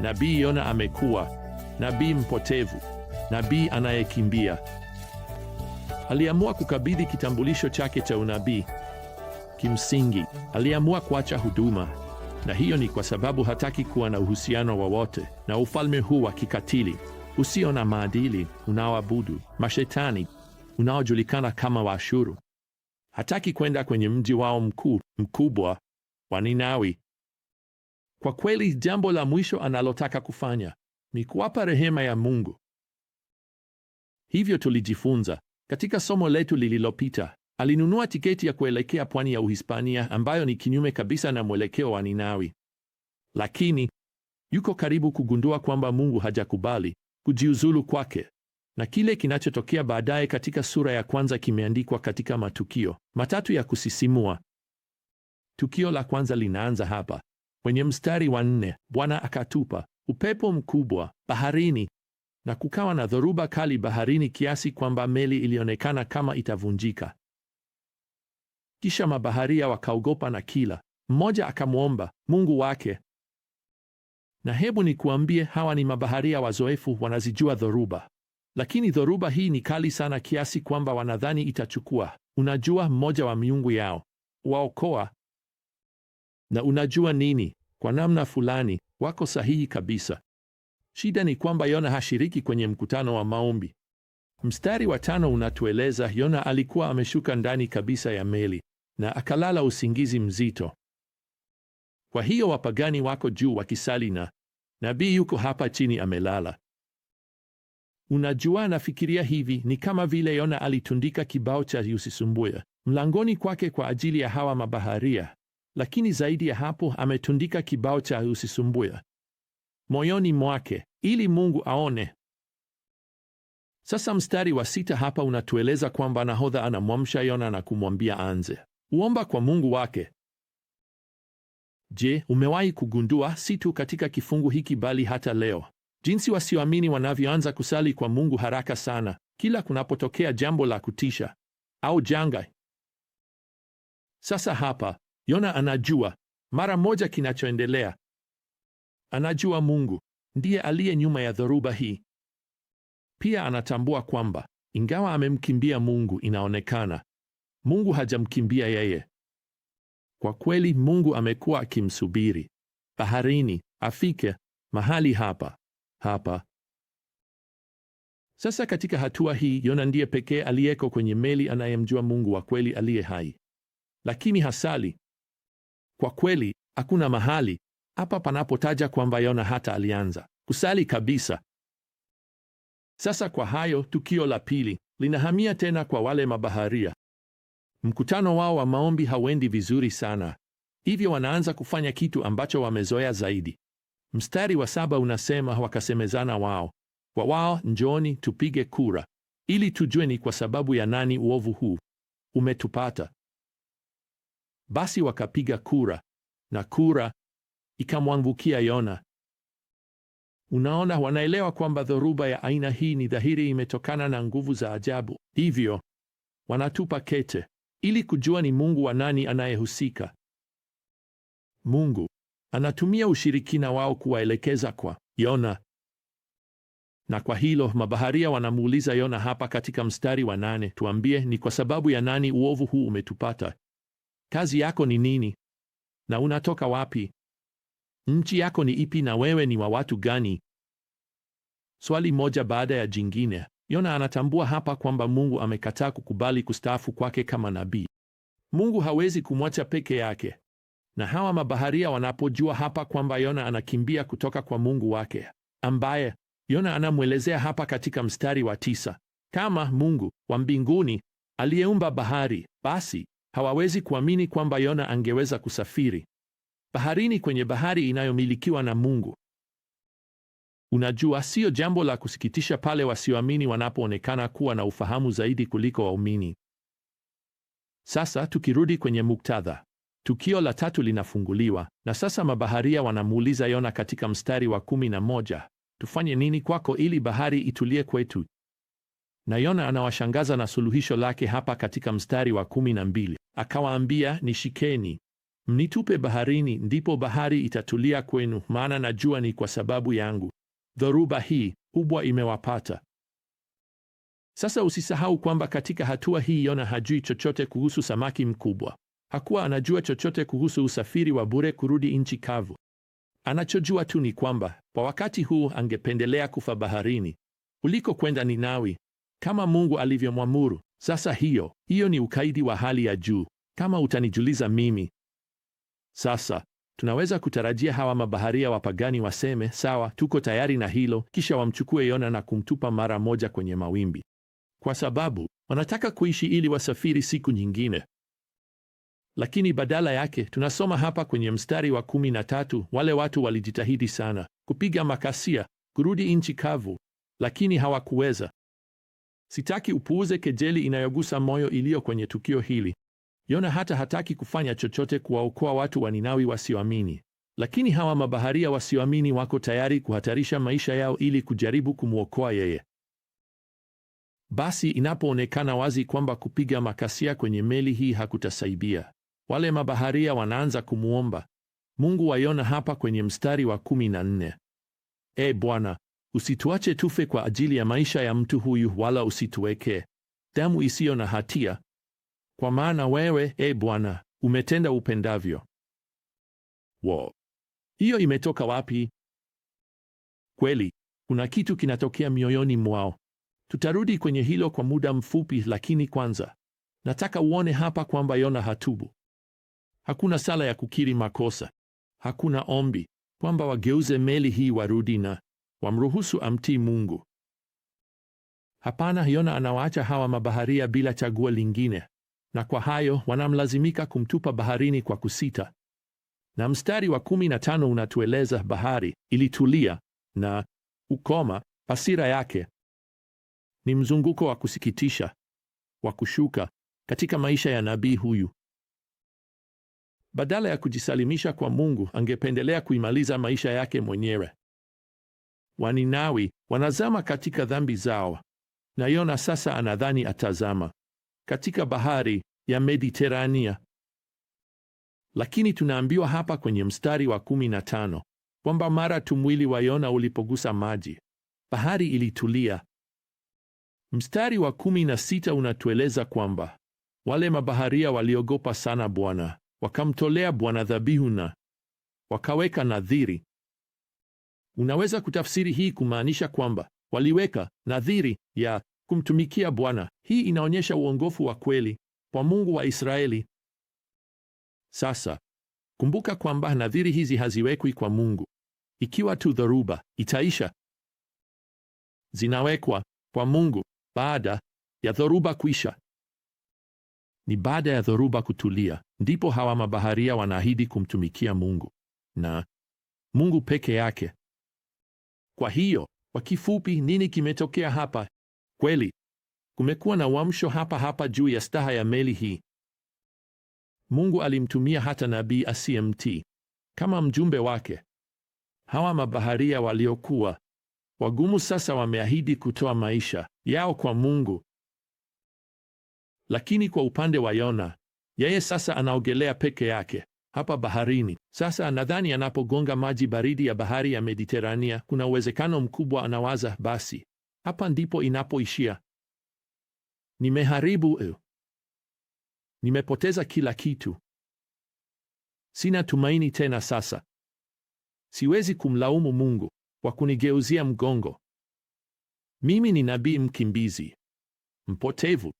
Nabii Yona amekuwa nabii mpotevu, nabii anayekimbia. Aliamua kukabidhi kitambulisho chake cha unabii. Kimsingi, aliamua kuacha huduma, na hiyo ni kwa sababu hataki kuwa na uhusiano wowote na ufalme huu wa kikatili usio na maadili unaoabudu mashetani unaojulikana kama Waashuru. Hataki kwenda kwenye mji wao mkuu mkubwa wa Ninawi kwa kweli, jambo la mwisho analotaka kufanya ni kuwapa rehema ya Mungu. Hivyo tulijifunza katika somo letu lililopita, alinunua tiketi ya kuelekea pwani ya Uhispania ambayo ni kinyume kabisa na mwelekeo wa Ninawi, lakini yuko karibu kugundua kwamba Mungu hajakubali kujiuzulu kwake, na kile kinachotokea baadaye katika sura ya kwanza kimeandikwa katika matukio matatu ya kusisimua. Tukio la kwanza linaanza hapa. Kwenye mstari wa nne, Bwana akatupa upepo mkubwa baharini na kukawa na dhoruba kali baharini kiasi kwamba meli ilionekana kama itavunjika. Kisha mabaharia wakaogopa na kila mmoja akamwomba Mungu wake. Na hebu nikuambie, hawa ni mabaharia wazoefu, wanazijua dhoruba, lakini dhoruba hii ni kali sana kiasi kwamba wanadhani itachukua, unajua, mmoja wa miungu yao waokoa. Na unajua nini? Kwa namna fulani wako sahihi kabisa. Shida ni kwamba Yona hashiriki kwenye mkutano wa maombi. Mstari wa tano unatueleza Yona alikuwa ameshuka ndani kabisa ya meli na akalala usingizi mzito. Kwa hiyo wapagani wako juu wakisali na nabii yuko hapa chini amelala. Unajua, nafikiria hivi, ni kama vile Yona alitundika kibao cha usisumbue mlangoni kwake kwa ajili ya hawa mabaharia lakini zaidi ya hapo ametundika kibao cha usisumbue moyoni mwake ili Mungu aone. Sasa mstari wa sita hapa unatueleza kwamba nahodha anamwamsha Yona na kumwambia anze uomba kwa Mungu wake. Je, umewahi kugundua si tu katika kifungu hiki bali hata leo jinsi wasioamini wanavyoanza kusali kwa Mungu haraka sana kila kunapotokea jambo la kutisha au janga? Sasa hapa Yona anajua mara moja kinachoendelea. Anajua Mungu ndiye aliye nyuma ya dhoruba hii. Pia anatambua kwamba ingawa amemkimbia Mungu, inaonekana Mungu hajamkimbia yeye. Kwa kweli, Mungu amekuwa akimsubiri baharini afike mahali hapa hapa. Sasa katika hatua hii, Yona ndiye pekee aliyeko kwenye meli anayemjua Mungu wa kweli aliye hai, lakini hasali kwa kweli, hakuna mahali hapa panapotaja kwamba Yona hata alianza kusali kabisa. Sasa kwa hayo, tukio la pili linahamia tena kwa wale mabaharia. Mkutano wao wa maombi hauendi vizuri sana, hivyo wanaanza kufanya kitu ambacho wamezoea zaidi. Mstari wa saba unasema wakasemezana wao kwa wao, njoni tupige kura ili tujue ni kwa sababu ya nani uovu huu umetupata. Basi wakapiga kura na kura ikamwangukia Yona. Unaona, wanaelewa kwamba dhoruba ya aina hii ni dhahiri imetokana na nguvu za ajabu, hivyo wanatupa kete ili kujua ni Mungu wa nani anayehusika. Mungu anatumia ushirikina wao kuwaelekeza kwa Yona, na kwa hilo mabaharia wanamuuliza Yona hapa katika mstari wa nane, tuambie, ni kwa sababu ya nani uovu huu umetupata? Kazi yako ni nini? Na unatoka wapi? Nchi yako ni ipi na wewe ni wa watu gani? Swali moja baada ya jingine. Yona anatambua hapa kwamba Mungu amekataa kukubali kustaafu kwake kama nabii. Mungu hawezi kumwacha peke yake. Na hawa mabaharia wanapojua hapa kwamba Yona anakimbia kutoka kwa Mungu wake, ambaye Yona anamwelezea hapa katika mstari wa tisa kama Mungu wa mbinguni aliyeumba bahari, basi Hawawezi kuamini kwamba Yona angeweza kusafiri baharini kwenye bahari inayomilikiwa na Mungu. Unajua, siyo jambo la kusikitisha pale wasioamini wanapoonekana kuwa na ufahamu zaidi kuliko waumini. Sasa tukirudi kwenye muktadha, tukio la tatu linafunguliwa na sasa mabaharia wanamuuliza Yona katika mstari wa kumi na moja, tufanye nini kwako ili bahari itulie kwetu? na Yona anawashangaza na suluhisho lake hapa katika mstari wa kumi na mbili. Akawaambia, nishikeni mnitupe baharini, ndipo bahari itatulia kwenu, maana najua ni kwa sababu yangu dhoruba hii kubwa imewapata. Sasa usisahau kwamba katika hatua hii Yona hajui chochote kuhusu samaki mkubwa. Hakuwa anajua chochote kuhusu usafiri wa bure kurudi nchi kavu. Anachojua tu ni kwamba kwa wakati huu angependelea kufa baharini kuliko kwenda Ninawi kama Mungu alivyomwamuru. Sasa hiyo hiyo ni ukaidi wa hali ya juu, kama utanijuliza mimi. Sasa tunaweza kutarajia hawa mabaharia wapagani waseme sawa, tuko tayari na hilo, kisha wamchukue Yona na kumtupa mara moja kwenye mawimbi, kwa sababu wanataka kuishi ili wasafiri siku nyingine. Lakini badala yake tunasoma hapa kwenye mstari wa kumi na tatu wale watu walijitahidi sana kupiga makasia kurudi nchi kavu, lakini hawakuweza. Sitaki upuuze kejeli inayogusa moyo iliyo kwenye tukio hili. Yona hata hataki kufanya chochote kuwaokoa watu wa Ninawi wasioamini, lakini hawa mabaharia wasioamini wako tayari kuhatarisha maisha yao ili kujaribu kumwokoa yeye. Basi inapoonekana wazi kwamba kupiga makasia kwenye meli hii hakutasaidia, wale mabaharia wanaanza kumwomba Mungu wa Yona hapa kwenye mstari wa kumi na nne: E Bwana, Usituache tufe kwa ajili ya maisha ya mtu huyu, wala usituwekee damu isiyo na hatia, kwa maana wewe, e Bwana, umetenda upendavyo. Wo, hiyo imetoka wapi? Kweli kuna kitu kinatokea mioyoni mwao. Tutarudi kwenye hilo kwa muda mfupi, lakini kwanza nataka uone hapa kwamba Yona hatubu. Hakuna sala ya kukiri makosa, hakuna ombi kwamba wageuze meli hii warudi na wamruhusu amtii Mungu. Hapana, Yona anawaacha hawa mabaharia bila chaguo lingine, na kwa hayo wanamlazimika kumtupa baharini kwa kusita. Na mstari wa kumi na tano unatueleza bahari ilitulia na ukoma hasira yake. Ni mzunguko wa kusikitisha wa kushuka katika maisha ya nabii huyu. Badala ya kujisalimisha kwa Mungu, angependelea kuimaliza maisha yake mwenyewe. Waninawi wanazama katika dhambi zao, na Yona sasa anadhani atazama katika bahari ya Mediterania. Lakini tunaambiwa hapa kwenye mstari wa kumi na tano kwamba mara tu mwili wa Yona ulipogusa maji, bahari ilitulia. Mstari wa kumi na sita unatueleza kwamba wale mabaharia waliogopa sana Bwana, wakamtolea Bwana dhabihu na wakaweka nadhiri Unaweza kutafsiri hii kumaanisha kwamba waliweka nadhiri ya kumtumikia Bwana. Hii inaonyesha uongofu wa kweli kwa Mungu wa Israeli. Sasa kumbuka kwamba nadhiri hizi haziwekwi kwa Mungu ikiwa tu dhoruba itaisha. Zinawekwa kwa Mungu baada ya dhoruba kuisha. Ni baada ya dhoruba kutulia ndipo hawa mabaharia wanaahidi kumtumikia Mungu na Mungu peke yake. Kwa hiyo kwa kifupi, nini kimetokea hapa? Kweli kumekuwa na uamsho hapa hapa juu ya staha ya meli hii. Mungu alimtumia hata nabii asiyemtii kama mjumbe wake. Hawa mabaharia waliokuwa wagumu sasa wameahidi kutoa maisha yao kwa Mungu. Lakini kwa upande wa Yona, yeye sasa anaogelea peke yake hapa baharini. Sasa nadhani anapogonga maji baridi ya bahari ya Mediterania, kuna uwezekano mkubwa anawaza, basi hapa ndipo inapoishia. Nimeharibu eu. Eh, nimepoteza kila kitu. Sina tumaini tena sasa. Siwezi kumlaumu Mungu kwa kunigeuzia mgongo. Mimi ni nabii mkimbizi, mpotevu.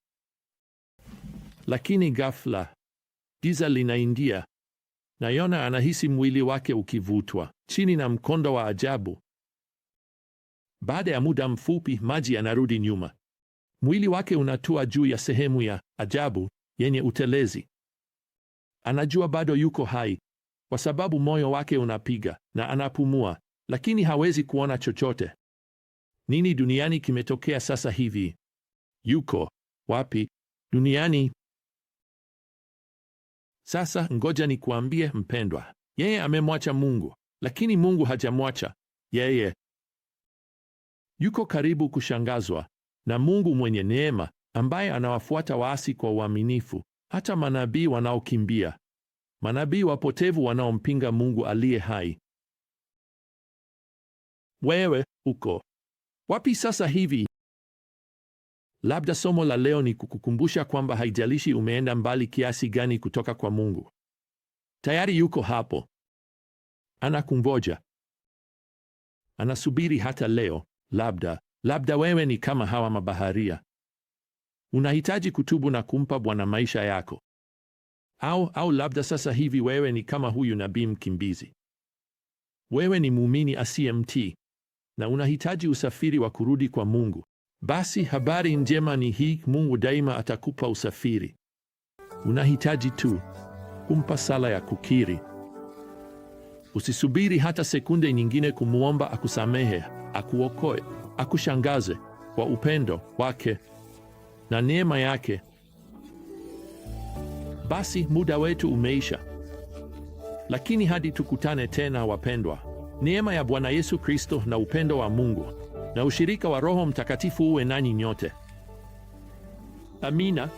Lakini ghafla giza linaingia na Yona anahisi mwili wake ukivutwa chini na mkondo wa ajabu. Baada ya muda mfupi, maji yanarudi nyuma, mwili wake unatua juu ya sehemu ya ajabu yenye utelezi. Anajua bado yuko hai kwa sababu moyo wake unapiga na anapumua, lakini hawezi kuona chochote. Nini duniani kimetokea sasa hivi? Yuko wapi duniani? Sasa ngoja nikuambie mpendwa, yeye amemwacha Mungu, lakini Mungu hajamwacha yeye. Yuko karibu kushangazwa na Mungu mwenye neema ambaye anawafuata waasi kwa uaminifu, hata manabii wanaokimbia, manabii wapotevu wanaompinga Mungu aliye hai. Wewe uko wapi sasa hivi? Labda somo la leo ni kukukumbusha kwamba haijalishi umeenda mbali kiasi gani kutoka kwa Mungu, tayari yuko hapo, anakungoja, anasubiri hata leo. Labda labda wewe ni kama hawa mabaharia, unahitaji kutubu na kumpa Bwana maisha yako, au au labda sasa hivi wewe ni kama huyu nabii mkimbizi, wewe ni muumini asiye mtii na unahitaji usafiri wa kurudi kwa Mungu. Basi habari njema ni hii, Mungu daima atakupa usafiri. Unahitaji tu kumpa sala ya kukiri. Usisubiri hata sekunde nyingine kumwomba akusamehe, akuokoe, akushangaze kwa upendo wake na neema yake. Basi muda wetu umeisha, lakini hadi tukutane tena, wapendwa, neema ya Bwana Yesu Kristo na upendo wa Mungu na ushirika wa Roho Mtakatifu uwe nanyi nyote. Amina.